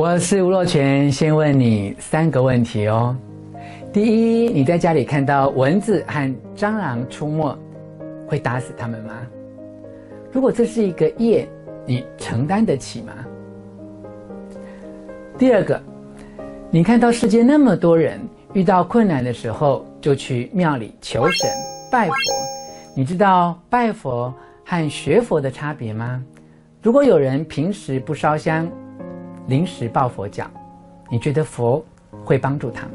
我是吳若權，先問你三個問題哦。第一，你在家裡看到蚊子和蟑螂出沒，會打死他們嗎？如果這是一個業，你承擔得起嗎？第二個，你看到世界那麼多人遇到困難的時候，就去廟裡求神拜佛，你知道拜佛和學佛的差別嗎？如果有人平時不燒香，臨時抱佛腳，你覺得佛會幫助他嗎？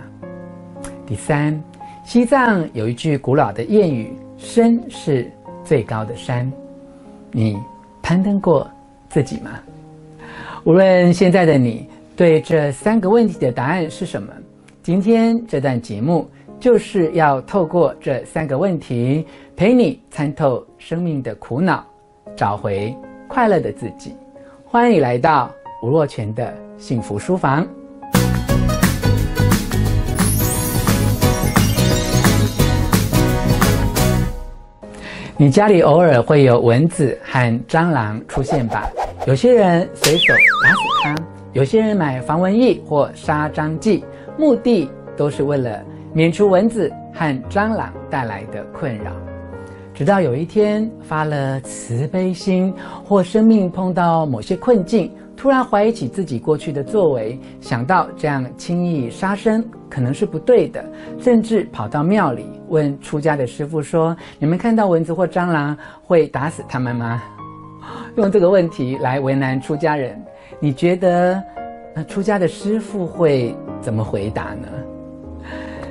第三，西藏有一句古老的諺語：“身是最高的山。”你攀登過自己嗎？無論現在的你對這三個問題的答案是什麼，今天這段節目就是要透過這三個問題，陪你參透生命的苦惱，找回快樂的自己。歡迎來到，吳若權的幸福書房。你家裡偶爾會有蚊子和蟑螂出現吧？有些人隨手打死它，有些人買防蚊液或殺蟑劑，目的都是為了免除蚊子和蟑螂帶來的困擾。直到有一天發了慈悲心，或生命碰到某些困境。突然懷疑起自己過去的作為，想到這樣輕易殺生可能是不對的，甚至跑到廟裡問出家的師父說：“你們看到蚊子或蟑螂會打死他們嗎？”用這個問題來為難出家人，你覺得那出家的師父會怎麼回答呢？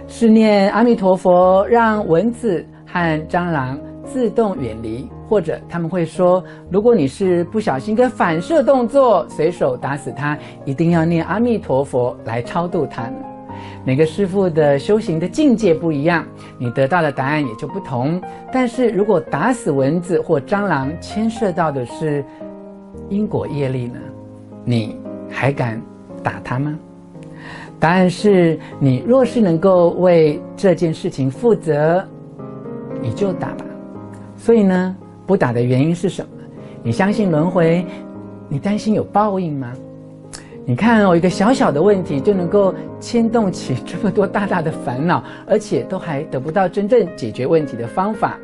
是念阿彌陀佛，讓蚊子和蟑螂自動遠離。或者他們會說，如果你是不小心一個反射動作隨手打死它，一定要念阿彌陀佛來超度它呢。每個師父的修行的境界不一樣，你得到的答案也就不同。但是如果打死蚊子或蟑螂牽涉到的是因果業力呢？你還敢打它嗎？答案是你若是能夠為這件事情負責，你就打吧。所以呢？不打的原因是什麼？你相信輪迴？你擔心有報應嗎？你看哦，我一個小小的問題就能夠牽動起這麼多大大的煩惱，而且都還得不到真正解決問題的方法。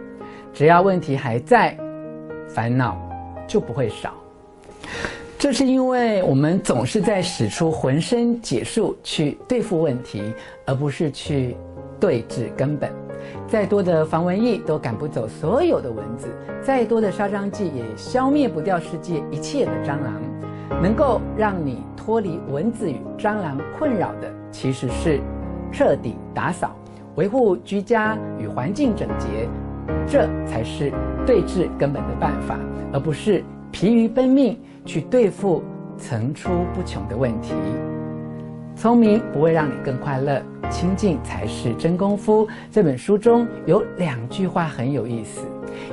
只要問題還在，煩惱就不會少。這是因為我們總是在使出渾身解數去對付問題，而不是去對治根本。再多的防蚊液都趕不走所有的蚊子，再多的殺蟑劑也消滅不掉世界一切的蟑螂。能夠讓你脫離蚊子與蟑螂困擾的，其實是徹底打掃、維護居家與環境整潔，這才是對治根本的辦法，而不是疲於奔命去對付層出不窮的問題。聰明不會讓你更快樂。清淨才是真功夫。這本書中有兩句話很有意思：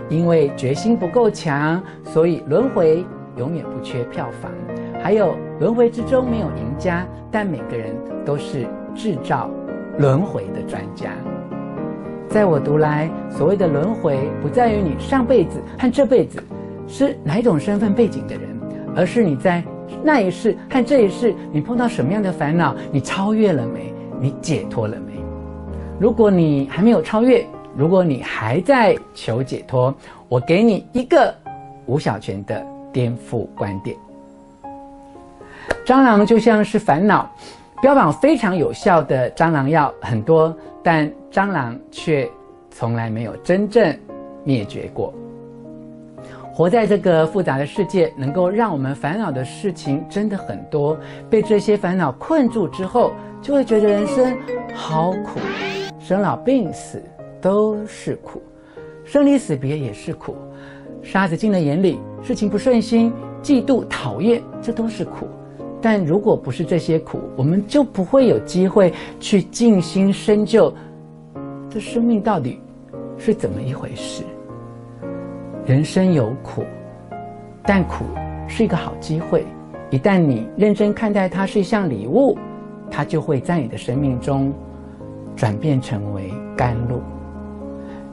因為決心不夠強，所以輪回永遠不缺票房；還有輪回之中沒有贏家，但每個人都是製造輪回的專家。在我讀來，所謂的輪回，不在於你上輩子和這輩子是哪種身份背景的人，而是你在那一世和這一世，你碰到什麼樣的煩惱，你超越了沒？你解脫了沒？如果你還沒有超越，如果你還在求解脫，我給你一個吳若權的顛覆觀點：蟑螂就像是煩惱，標榜非常有效的蟑螂藥很多，但蟑螂却從來沒有真正滅絕過。活在這個複雜的世界，能夠讓我們煩惱的事情真的很多。被這些煩惱困住之後，就會覺得人生好苦。生老病死都是苦，生離死別也是苦，沙子進了眼裡，事情不順心，嫉妒、討厭，這都是苦。但如果不是這些苦，我們就不會有機會去靜心深究，這生命到底是怎麼一回事？人生有苦，但苦是一個好機會。一旦你認真看待它是一項禮物，它就會在你的生命中轉變成為甘露。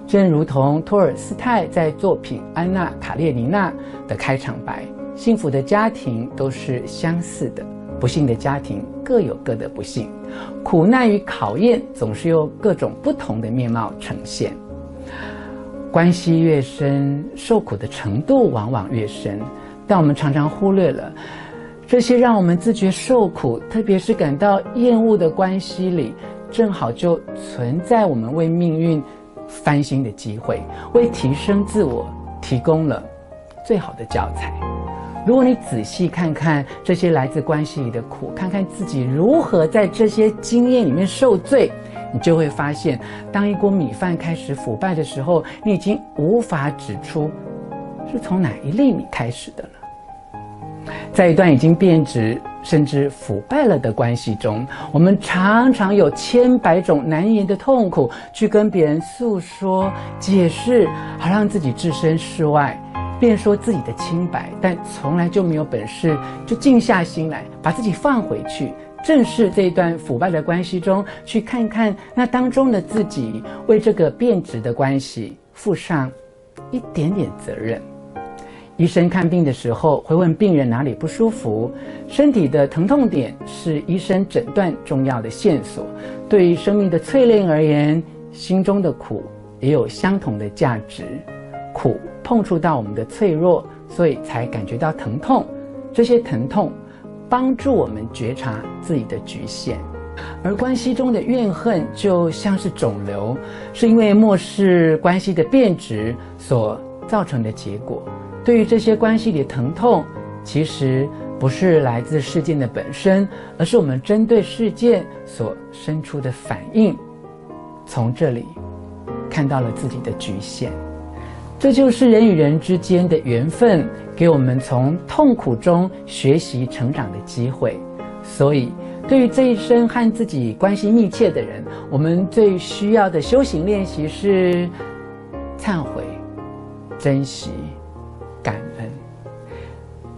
正如同托爾斯泰在作品《安娜·卡列尼娜》的開場白：“幸福的家庭都是相似的，不幸的家庭各有各的不幸。苦難與考驗總是用各種不同的面貌呈現。”關係越深，受苦的程度往往越深，但我們常常忽略了，這些讓我們自覺受苦，特別是感到厭惡的關係裡，正好就存在我們為命運翻新的機會，為提升自我提供了最好的教材。如果你仔細看看這些來自關係裡的苦，看看自己如何在這些經驗裡面受罪。你就會發現，當一鍋米飯開始腐敗的時候，你已經無法指出是從哪一粒米開始的了。在一段已經變質甚至腐敗了的關係中，我們常常有千百種難言的痛苦去跟別人訴說、解釋，好讓自己置身事外，辯說自己的清白，但從來就沒有本事就靜下心來，把自己放回去。正是這一段腐敗的關係中，去看看那當中的自己，為這個變質的關係負上一點點責任。醫生看病的時候會問病人哪裡不舒服，身體的疼痛點是醫生診斷重要的線索。對於生命的淬煉而言，心中的苦也有相同的價值。苦碰觸到我們的脆弱，所以才感覺到疼痛。這些疼痛。幫助我們覺察自己的局限，而關係中的怨恨就像是腫瘤，是因為漠視關係的變質所造成的結果。對於這些關係裡的疼痛，其實不是來自事件的本身，而是我們針對事件所生出的反應。從這裡，看到了自己的局限。這就是人與人之間的緣分，給我們從痛苦中學習成長的機會。所以，對於這一生和自己關係密切的人，我們最需要的修行練習是懺悔、珍惜、感恩。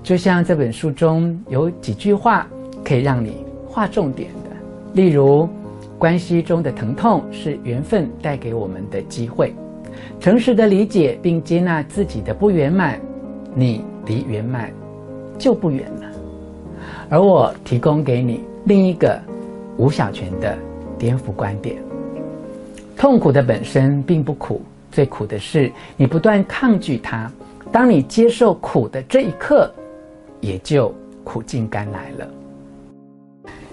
就像這本書中有幾句話可以讓你劃重點的，例如，關係中的疼痛是緣分帶給我們的機會。誠實的理解並接納自己的不圓滿，你離圓滿就不遠了。而我提供給你另一個吳小泉的顛覆觀點：痛苦的本身並不苦，最苦的是你不斷抗拒它。當你接受苦的這一刻，也就苦盡甘來了。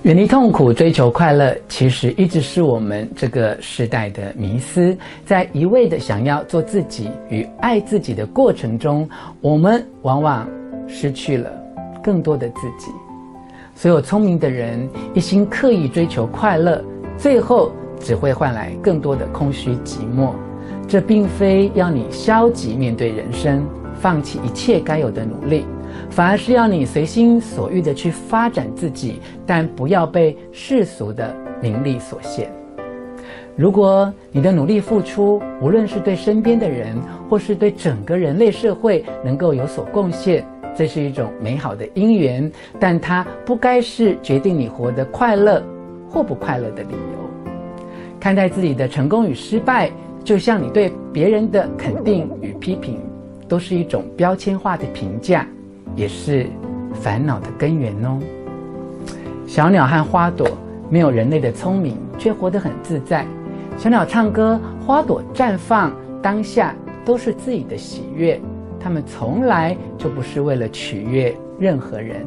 遠離痛苦，追求快樂，其實一直是我們這個時代的迷思。在一味的想要做自己與愛自己的過程中，我們往往失去了更多的自己。所有聰明的人一心刻意追求快樂，最後只會換來更多的空虛寂寞。這並非要你消極面對人生，放棄一切該有的努力。反而是要你隨心所欲的去發展自己，但不要被世俗的名利所限。如果你的努力付出，無論是對身邊的人，或是對整個人類社會，能夠有所貢獻，這是一種美好的因緣。但它不該是決定你活得快樂或不快樂的理由。看待自己的成功與失敗，就像你對別人的肯定與批評，都是一種標籤化的評價。也是煩惱的根源哦。小鳥和花朵沒有人類的聰明，卻活得很自在。小鳥唱歌，花朵綻放，當下都是自己的喜悅。它們從來就不是為了取悅任何人。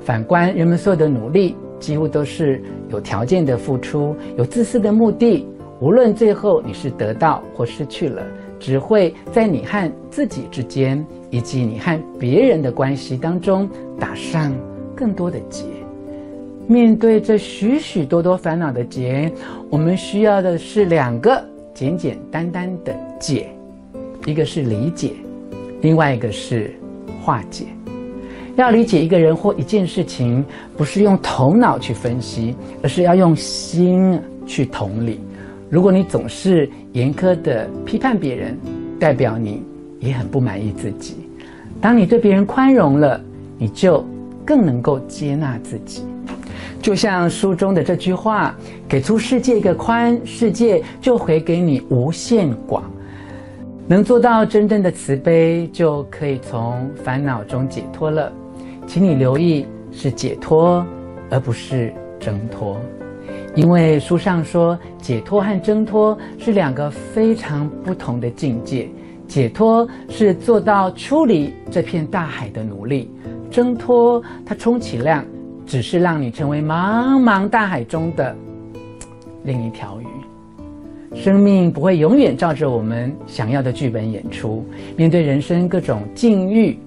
反觀人們所有的努力，幾乎都是有條件的付出，有自私的目的。無論最後你是得到或失去了。只會在你和自己之間，以及你和別人的關係當中打上更多的結。面對這許許多多煩惱的結，我們需要的是兩個簡簡單單的解：一個是理解，另外一個是化解。要理解一個人或一件事情，不是用頭腦去分析，而是要用心去同理。如果你總是嚴苛的批判別人，代表你也很不滿意自己。當你對別人寬容了，你就更能夠接納自己。就像書中的這句話：“給出世界一個寬，世界就回給你無限廣。”能做到真正的慈悲，就可以從煩惱中解脫了。請你留意，是解脫，而不是掙脫。因為書上說，解脫和掙脫是兩個非常不同的境界。解脫是做到出離這片大海的努力，掙脫它充其量只是讓你成為茫茫大海中的另一條魚。生命不會永遠照着我們想要的劇本演出，面對人生各種境遇。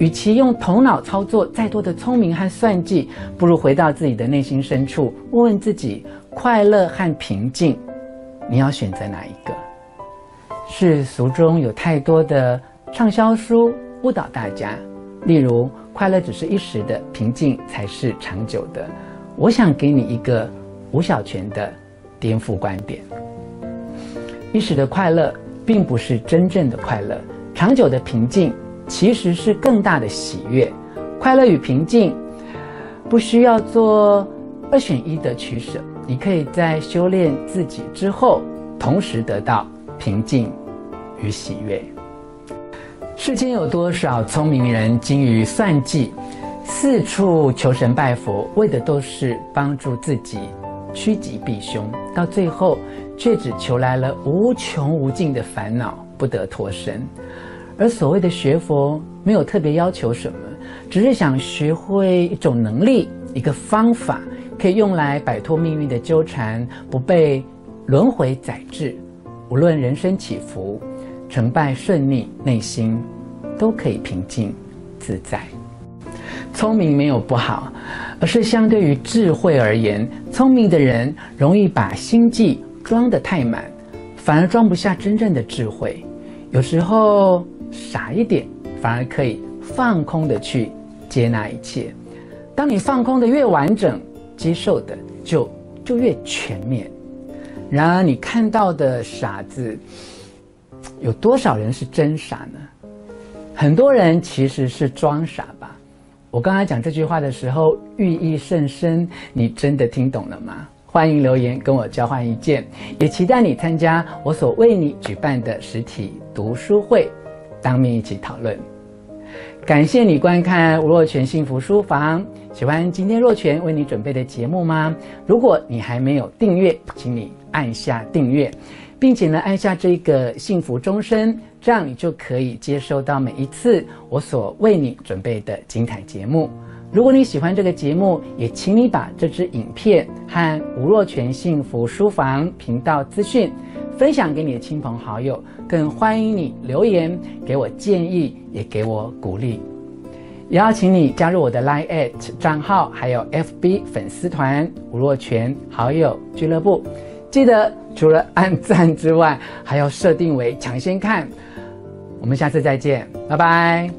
與其用頭腦操作再多的聰明和算計，不如回到自己的內心深處，問問自己：快樂和平靜，你要選擇哪一個？世俗中有太多的暢銷書誤導大家，例如“快樂只是一時的，平靜才是長久的”。我想給你一個吳若權的顛覆觀點：一時的快樂並不是真正的快樂，長久的平靜。其實是更大的喜悅、快樂與平靜，不需要做二選一的取舍。你可以在修煉自己之後，同時得到平靜與喜悅。世間有多少聰明人精於算計，四處求神拜佛，為的都是幫助自己趨吉避凶，到最後卻只求來了無窮無盡的煩惱，不得脫身。而所謂的學佛，沒有特別要求什麼，只是想學會一種能力，一個方法，可以用來擺脫命運的糾纏，不被輪回宰製。無論人生起伏、成敗、順利，內心都可以平靜自在。聰明沒有不好，而是相對於智慧而言，聰明的人容易把心計裝得太滿，反而裝不下真正的智慧。有時候，傻一點，反而可以放空的去接納一切。當你放空的越完整，接受的就就越全面。然而，你看到的傻子，有多少人是真傻呢？很多人其實是裝傻吧。我剛才講這句話的時候，寓意甚深。你真的聽懂了嗎？歡迎留言跟我交換意見，也期待你參加我所為你舉辦的實體讀書會。當面一起討論。感謝你觀看吳若權幸福書房，喜歡今天若權為你準備的節目嗎？如果你還沒有訂閱，請你按下訂閱，並且呢按下這個幸福鐘聲，這樣你就可以接收到每一次我所為你準備的精彩節目。如果你喜歡這個節目，也請你把這支影片和吳若權幸福書房頻道資訊分享給你的親朋好友。更歡迎你留言給我建議，也給我鼓勵。也要請你加入我的 Line@ 賬號，還有 FB 粉絲團吳若權好友俱樂部。記得除了按讚之外，還要設定為搶先看。我們下次再見，拜拜。